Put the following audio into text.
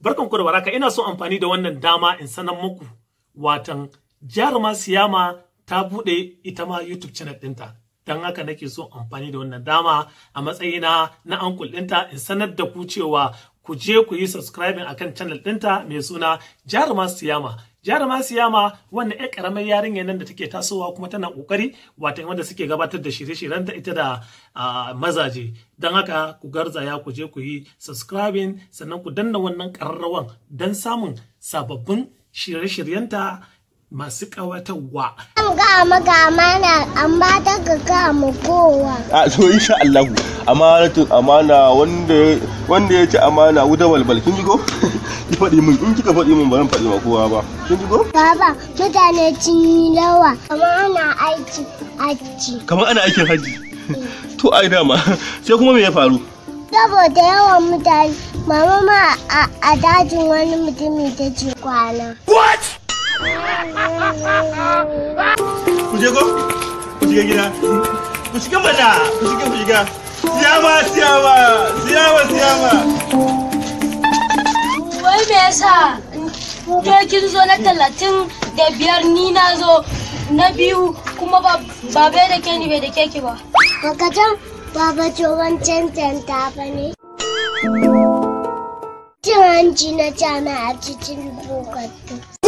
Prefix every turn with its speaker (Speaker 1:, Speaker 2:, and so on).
Speaker 1: barkan ku da baraka ina so amfani da wannan dama in sanar muku watan jaruma siyama ta bude ita ma YouTube channel dinta don haka nake so amfani da wannan dama a matsayina na ankul dinta in sanar da ku cewa ku je ku yi subscribing akan channel dinta mai suna jaruma siyama jihar siyama wannan ƴar karamar yarinya nan da take tasowa kuma tana kokari wata wanda suke gabatar da shirye-shiryen ta ita da mazaje don haka ku garzaya ku je ku yi subscribing sannan ku danna wannan ƙararrawan don samun sababbin shirye shiryen ta. masu ƙawatarwa.
Speaker 2: An ga maka amana amma ta ga ga mu kowa.
Speaker 3: A so insha Allah amanatu amana wanda wanda ya ci amana wuta balbal kin ji ko? Ki faɗi min in kika faɗi min Ban faɗi ma kowa ba. Kin ji
Speaker 2: ko? Baba mutane cin yi lawa kamar ana aiki haji.
Speaker 3: Kamar ana aikin haji. To ai dama sai kuma me ya faru?
Speaker 2: Saboda yawan mutane mama ma a dajin wani mutumi ta ce kwana.
Speaker 3: What? ku je ko ku shiga gida ku shiga mana ku shiga ku shiga siyama siyama siyama siyama
Speaker 1: wai
Speaker 2: me yasa ke kin zo na talatin da biyar ni na zo na biyu kuma ba bai da ke ni bai da keke ba makatan baba tsohon cancanta ba ne cin
Speaker 1: hanci na cana a cikin bukatu